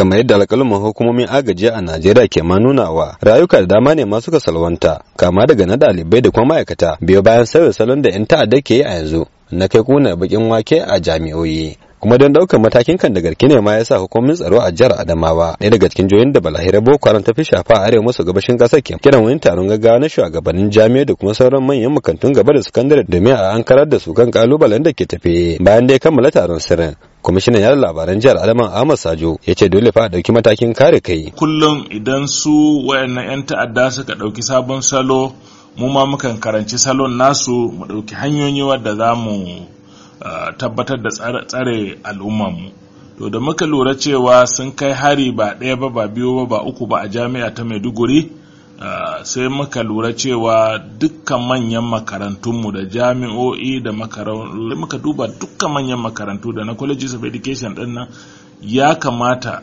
kamar yadda alƙalumin hukumomin agaji a Najeriya ke ma nunawa rayuka da dama ne ma suka salwanta kama daga na ɗalibai da kuma ma'aikata biyo bayan sauya salon da 'yan ta'adda ke yi a yanzu na kai kuna bakin wake a jami'oyi kuma don daukar matakin kan da garki ne ma ya sa hukumomin tsaro a jihar Adamawa ɗaya daga cikin joyin da balahira Boko Haram ta fi shafa a arewa maso gabashin ƙasar ke kiran wani taron gaggawa na shugabannin jami'a da kuma sauran manyan makantun gaba da sakandare domin a ankarar da su kan kalubalen da ke tafe bayan da ya kammala taron sirrin kwamishinan yada labaran jihar adama ahmad sajo ya ce dole fa a ɗauki matakin kare kai kullum idan su wayannan 'yan ta'adda suka ɗauki sabon salo mu ma mukan karanci salon nasu mu ɗauki hanyoyi wadda za mu Eh, tabbatar da tsare mu to da muka lura cewa sun kai hari ba ɗaya ba ba biyu ba ba uku ba a jami'a ta maiduguri eh, sai muka lura cewa dukkan manyan makarantunmu da jami'o'i da makarantu muka duba dukkan manyan makarantu da na colleges of education ɗin nan ya kamata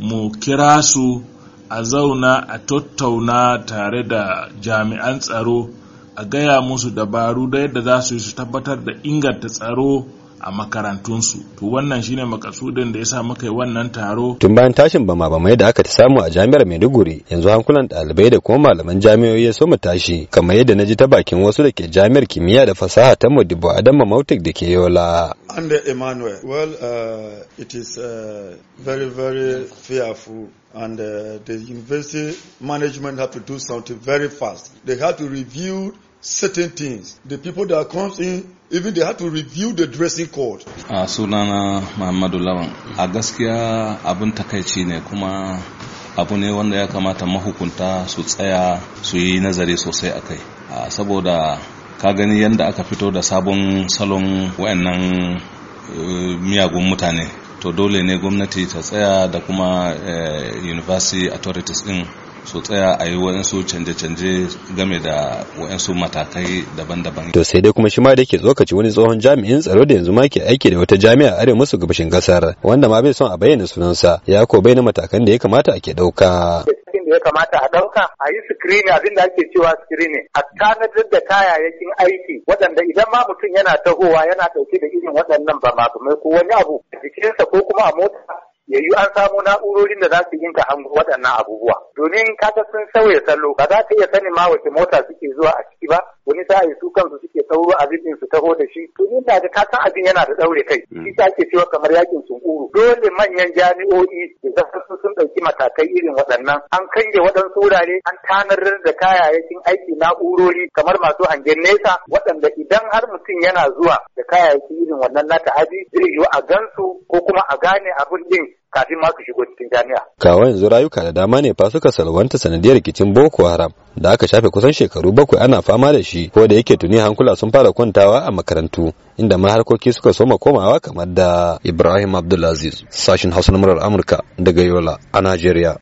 mu kira su a zauna a tattauna tare da jami'an tsaro a gaya musu dabaru da yadda za su yi su tabbatar da inganta tsaro a makarantunsu to wannan shine makasudin da ya sa muka yi wannan taro tun bayan tashin bama bamai da aka ta samu a jami'ar maiduguri yanzu hankulan ɗalibai da kuma malaman jami'o'i ya soma tashi kamar yadda na ji ta bakin wasu da ke jami'ar kimiyya da fasaha ta modibo adama mautik da ke yola under emmanuel well uh, it is uh, very very fearful and uh, the university management have to do something very fast they have to review certain things. The people that comes in, even they have to review the dressing code. A sunana Muhammadu Lawan. A gaskiya abin takaici ne kuma abu ne wanda ya kamata mahukunta su tsaya su yi nazari sosai a kai. Saboda ka gani yadda aka fito da sabon salon wayannan eh, miyagun mutane. To dole ne gwamnati ta tsaya da kuma eh, university authorities din su tsaya a yi waɗansu canje-canje game da waɗansu matakai daban-daban. To sai dai kuma shi ma da ke tsokaci wani tsohon jami'in tsaro da yanzu ma ke aiki da wata jami'a arewa musu gabashin kasar wanda ma bai son a bayyana sunansa ya ko na matakan da ya kamata ake ɗauka. da ya kamata a ɗauka a yi screening abin da ake cewa screening a tanadar da kayayyakin aiki waɗanda idan ma mutum yana tahowa yana ɗauke da irin waɗannan ba ko wani abu a jikinsa ko kuma a mota yi an samu na'urorin da za su yinka hango waɗannan abubuwa domin kaga sun sauya salo ba za ta iya sanin ma wace mota suke zuwa a ciki ba wani sa'i su kansu suke sauro a din su taho da shi to ni da ka san abin yana da ɗaure kai mm. shi ta ake cewa kamar yakin sunkuru dole manyan jami'o'i da zasu sun ɗauki matakai irin waɗannan an kange waɗansu wurare an tanadar da kayayyakin aiki na'urori kamar masu hangen nesa waɗanda idan har mutum yana zuwa da kayayyaki irin wannan na ta'adi zai yiwu a gansu ko kuma a gane abin din kafin ma su shigo cikin jami'a. Kawo yanzu rayuka da dama ne fa suka salwanta sanadiyar rikicin Boko Haram da aka shafe kusan shekaru bakwai ana fama da shi ko da yake tuni hankula sun fara kwantawa a makarantu inda ma harkoki suka soma komawa kamar da Ibrahim Abdulaziz sashin Hausa na Amurka daga Yola a Najeriya.